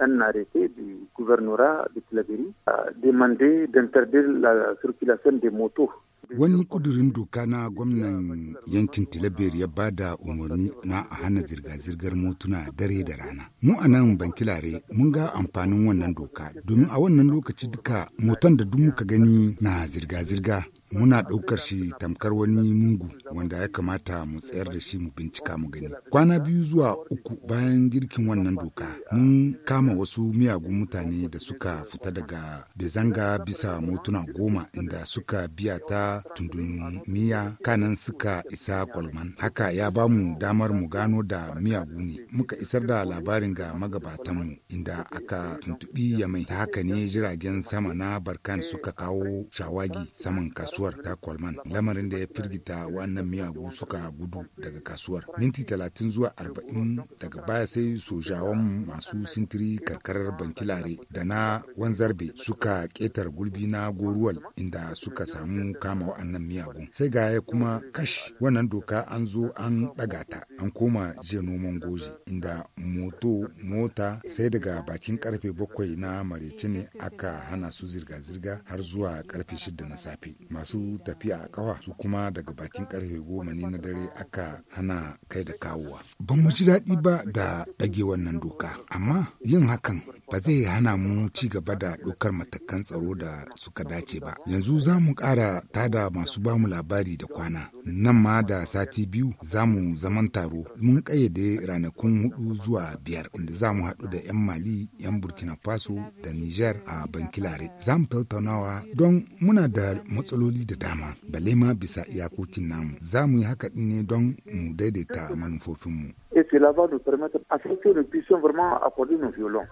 un arrêté du gouvernorat de Tilaberi a demandé d'interdire la circulation des motos Wani kudurin doka na gwamnan yankin tilabir ya ba da umarni na a hana zirga-zirgar motuna dare da rana. Mu a nan bankilare mun ga amfanin wannan doka domin a wannan lokaci duka motan da duk muka gani na zirga-zirga muna ɗaukar shi tamkar wani mungu wanda ya kamata mu tsayar da shi mu bincika mu gani kwana biyu zuwa uku bayan girkin wannan doka mun kama wasu miyagun mutane da suka fita daga bezanga bisa motuna goma inda suka biya ta miya kanan suka isa kwalman haka ya ba mu damar mu gano da miyagu ne muka isar da labarin ga magabatanmu inda aka tuntuɓi yamai ta haka ne jiragen sama na barkan suka kawo shawagi saman kasuwa kasuwar ta Kwalman lamarin da ya firgita wannan miyagu suka gudu daga kasuwar. Minti talatin zuwa arba'in daga baya sai sojawan masu sintiri karkarar bankilare da na wanzarbe suka ketar gulbi na goruwal inda suka samu kama wa'annan miyagu Sai ga ya kuma kashi wannan doka an zo an ɗaga ta an koma jiya noman goji inda moto mota sai daga bakin karfe bakwai na marece ne aka hana su zirga-zirga har zuwa karfe shida na safe. masu tafiya a kafa su kuma daga bakin karfe goma ne na dare aka hana kai da kawowa. Ban mu ji daɗi ba da ɗage wannan doka, amma yin hakan ba zai hana mu ci gaba da ɗaukar matakan tsaro da suka dace ba. Yanzu za mu ƙara tada masu mu labari da kwana. Nan ma da sati biyu za mu zaman taro. Mun ƙayyade ranakun hudu zuwa biyar inda za mu haɗu da 'yan Mali, 'yan Burkina Faso da niger a Bankilare. Za mu tattaunawa don muna da matsaloli da dama. Bale ma bisa iyakokin namu. Za mu yi haka ne don mu daidaita manufofinmu. et cela va nous permettre à ce que nous puissions vraiment accorder nos violons.